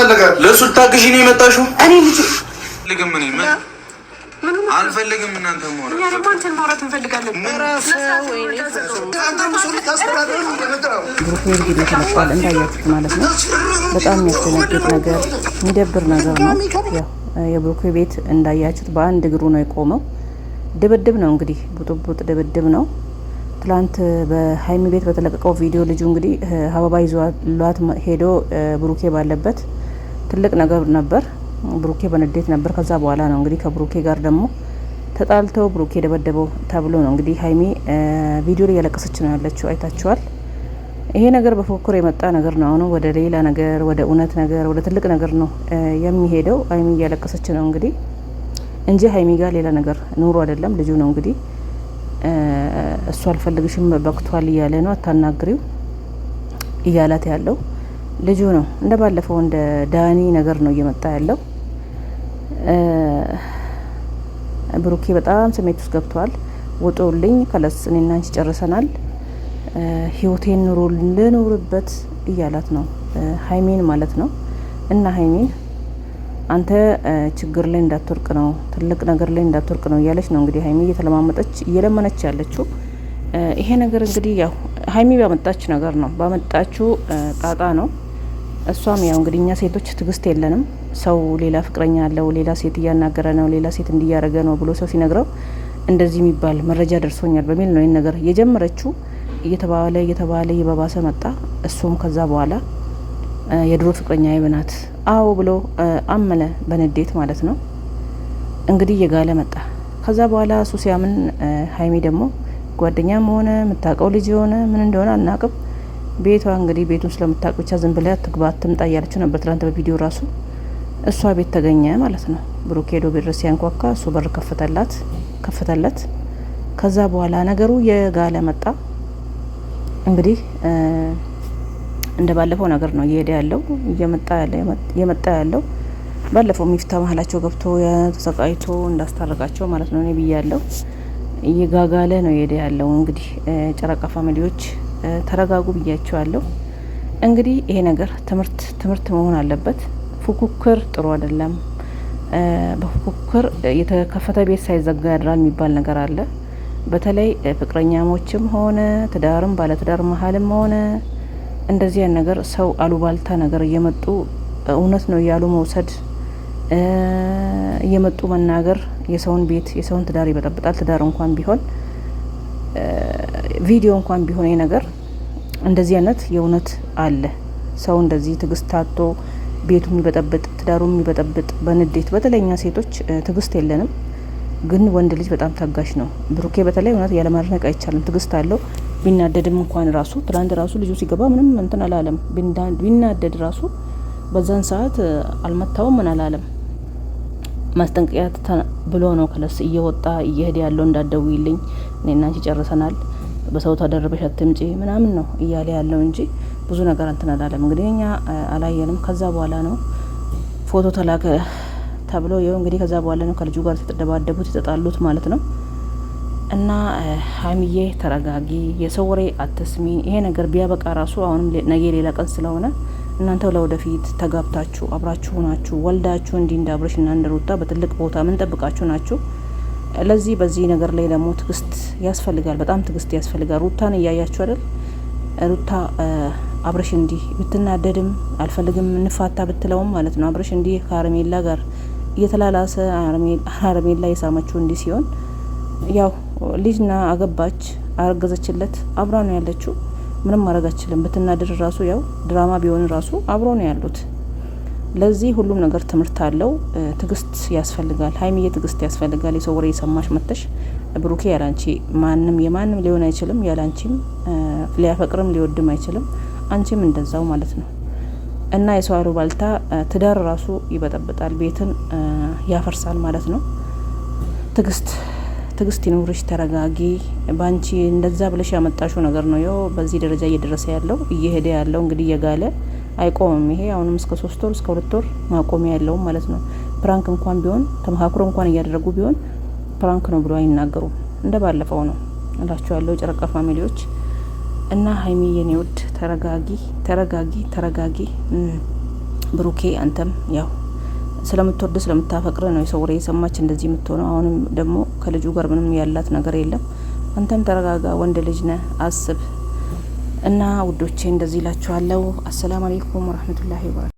ተፈለገ ለእሱ ልታግዢ ነው የመጣሽው? እኔ ልጅ ልግም ምን ምን አልፈልግም። እናንተ ማውራት እኛ ደግሞ አንተን ማውራት እንፈልጋለን። ግሩፕ እንግዲህ ተለቋል እንዳያችሁት ማለት ነው። በጣም የሚያስደነግጥ ነገር የሚደብር ነገር ነው። የብሩክ ቤት እንዳያችሁት በአንድ እግሩ ነው የቆመው። ድብድብ ነው እንግዲህ ቡጥቡጥ ድብድብ ነው። ትላንት በሀይሚ ቤት በተለቀቀው ቪዲዮ ልጁ እንግዲህ ሀበባ ይዟት ሄዶ ብሩኬ ባለበት ትልቅ ነገር ነበር። ብሩኬ በንዴት ነበር። ከዛ በኋላ ነው እንግዲህ ከብሩኬ ጋር ደግሞ ተጣልተው ብሩኬ ደበደበው ተብሎ ነው እንግዲህ ሀይሚ ቪዲዮ ላይ ያለቀሰች ነው ያለችው። አይታችኋል። ይሄ ነገር በፎክር የመጣ ነገር ነው። አሁን ወደ ሌላ ነገር፣ ወደ እውነት ነገር፣ ወደ ትልቅ ነገር ነው የሚሄደው። ሀይሚ እያለቀሰች ነው እንግዲህ እንጂ ሀይሚ ጋር ሌላ ነገር ኑሮ አይደለም። ልጁ ነው እንግዲህ እሱ አልፈልግሽም በቅቷል እያለ ነው አታናግሪው እያላት ያለው ልጁ ነው እንደ ባለፈው እንደ ዳኒ ነገር ነው እየመጣ ያለው። ብሩኬ በጣም ስሜት ውስጥ ገብቷል። ውጡልኝ ከለስ እኔና አንቺ ጨርሰናል፣ ህይወቴን ኑሮ ልኑርበት እያላት ነው ሀይሜን ማለት ነው። እና ሀይሜን አንተ ችግር ላይ እንዳትወርቅ ነው ትልቅ ነገር ላይ እንዳትወርቅ ነው እያለች ነው እንግዲህ ሀይሜ እየተለማመጠች እየለመነች ያለችው። ይሄ ነገር እንግዲህ ያው ሀይሚ ባመጣች ነገር ነው ባመጣችው ጣጣ ነው። እሷም ያው እንግዲህ እኛ ሴቶች ትግስት የለንም። ሰው ሌላ ፍቅረኛ አለው፣ ሌላ ሴት እያናገረ ነው፣ ሌላ ሴት እንዲያደረገ ነው ብሎ ሰው ሲነግረው እንደዚህ የሚባል መረጃ ደርሶኛል በሚል ነው ይህን ነገር የጀመረችው። እየተባለ እየተባለ እየባባሰ መጣ። እሱም ከዛ በኋላ የድሮ ፍቅረኛ ይብናት አዎ ብሎ አመነ፣ በንዴት ማለት ነው። እንግዲህ እየጋለ መጣ። ከዛ በኋላ እሱ ሲያምን ሀይሚ ደግሞ ጓደኛም ሆነ የምታውቀው ልጅ የሆነ ምን እንደሆነ አናቅም ቤቷ እንግዲህ ቤቱን ስለምታውቅ ብቻ ዝም ብለህ ትግባ ትምጣ እያለችው ነበር ትላንት በቪዲዮ ራሱ እሷ ቤት ተገኘ ማለት ነው። ብሩክ ሄዶ ቤት ድረስ እሱ በር ከፈተላት ከፈተለት። ከዛ በኋላ ነገሩ የጋለ መጣ። እንግዲህ እንደ ባለፈው ነገር ነው እየሄደ ያለው እየመጣ ያለው ባለፈው ሚፍታ መሀላቸው ገብቶ ተሰቃይቶ እንዳስታረቃቸው ማለት ነው። እኔ ብያለሁ፣ እየጋጋለ ነው የሄደ ያለው እንግዲህ ጨረቃ ፋሚሊዎች ተረጋጉ ብያቸዋለሁ። እንግዲህ ይሄ ነገር ትምህርት ትምህርት መሆን አለበት። ፉክክር ጥሩ አይደለም። በፉክክር የተከፈተ ቤት ሳይዘጋ ያድራል የሚባል ነገር አለ። በተለይ ፍቅረኛሞችም ሆነ ትዳርም ባለትዳር መሀልም ሆነ እንደዚያን ነገር ሰው አሉባልታ ነገር እየመጡ እውነት ነው እያሉ መውሰድ እየመጡ መናገር የሰውን ቤት የሰውን ትዳር ይበጠብጣል። ትዳር እንኳን ቢሆን ቪዲዮ እንኳን ቢሆን ይሄ ነገር እንደዚህ አይነት የእውነት አለ። ሰው እንደዚህ ትግስት ታቶ ቤቱ የሚበጠብጥ ትዳሩ የሚበጠብጥ በንዴት በተለይኛ ሴቶች ትግስት የለንም። ግን ወንድ ልጅ በጣም ታጋሽ ነው። ብሩኬ በተለይ እውነት ያለማድነቅ አይቻልም። ትግስት አለው። ቢናደድም እንኳን ራሱ ትላንት ራሱ ልጁ ሲገባ ምንም እንትን አላለም። ቢናደድ ራሱ በዛን ሰዓት አልመታውም ምን አላለም። ማስጠንቀቂያ ብሎ ነው ከለስ እየወጣ እየሄደ ያለው እንዳደው ይልኝ እኔ እናንቺ ጨርሰናል በሰው ተደርበሽ አትምጪ ምናምን ነው እያለ ያለው እንጂ ብዙ ነገር እንትን አላለም። እንግዲህ እኛ አላየንም። ከዛ በኋላ ነው ፎቶ ተላከ ተብሎ ይኸው እንግዲህ ከዛ በኋላ ነው ከልጁ ጋር የተደባደቡት የተጣሉት ማለት ነው። እና ሀይሚዬ ተረጋጊ፣ የሰው ወሬ አትስሚ። ይሄ ነገር ቢያበቃ ራሱ አሁንም ነገ ሌላ ቀን ስለሆነ እናንተ ለወደፊት ተጋብታችሁ አብራችሁ ሆናችሁ ወልዳችሁ እንዲህ እንዳብረሽ እና እንደሩታ በትልቅ ቦታ ምን ጠብቃችሁ ናችሁ ለዚህ በዚህ ነገር ላይ ደግሞ ትግስት ያስፈልጋል። በጣም ትግስት ያስፈልጋል። ሩታን እያያችሁ አይደል? ሩታ አብረሽ እንዲህ ብትናደድም አልፈልግም እንፋታ ብትለውም ማለት ነው አብረሽ እንዲህ ከአርሜላ ጋር እየተላላሰ አርሜላ የሳመችው እንዲህ ሲሆን ያው ልጅና አገባች አረገዘችለት፣ አብራ ነው ያለችው። ምንም ማድረግ አችልም። ብትናደድ ራሱ ያው ድራማ ቢሆን ራሱ አብሮ ነው ያሉት። ለዚህ ሁሉም ነገር ትምህርት አለው። ትግስት ያስፈልጋል። ሀይሚዬ ትግስት ያስፈልጋል። የሰው ወሬ የሰማሽ መተሽ ብሩኬ ያላንቺ ማንም የማንም ሊሆን አይችልም። ያላንቺም ሊያፈቅርም ሊወድም አይችልም። አንቺም እንደዛው ማለት ነው እና የሰው አሉባልታ ትዳር ራሱ ይበጠብጣል፣ ቤትን ያፈርሳል ማለት ነው። ትግስት ትግስት ይኑርሽ። ተረጋጊ። በአንቺ እንደዛ ብለሽ ያመጣሽው ነገር ነው ያው በዚህ ደረጃ እየደረሰ ያለው እየሄደ ያለው እንግዲህ እየጋለ አይቆምም። ይሄ አሁንም እስከ ሶስት ወር እስከ ሁለት ወር ማቆሚያ ያለውም ማለት ነው። ፕራንክ እንኳን ቢሆን ተመካክሮ እንኳን እያደረጉ ቢሆን ፕራንክ ነው ብሎ አይናገሩም። እንደ ባለፈው ነው ያለው ጨረቃ ፋሚሊዎች እና ሀይሚ የኔ ውድ ተረጋጊ፣ ተረጋጊ፣ ተረጋጊ። ብሩኬ አንተም ያው ስለምትወድ ስለምታፈቅር ነው የሰው ወሬ የሰማች እንደዚህ የምትሆነው። አሁንም ደግሞ ከልጁ ጋር ምንም ያላት ነገር የለም። አንተም ተረጋጋ፣ ወንድ ልጅ ነህ፣ አስብ እና ውዶቼ እንደዚህ እላችኋለሁ። አሰላሙ አሌይኩም ወረህመቱላሂ ወበረካቱ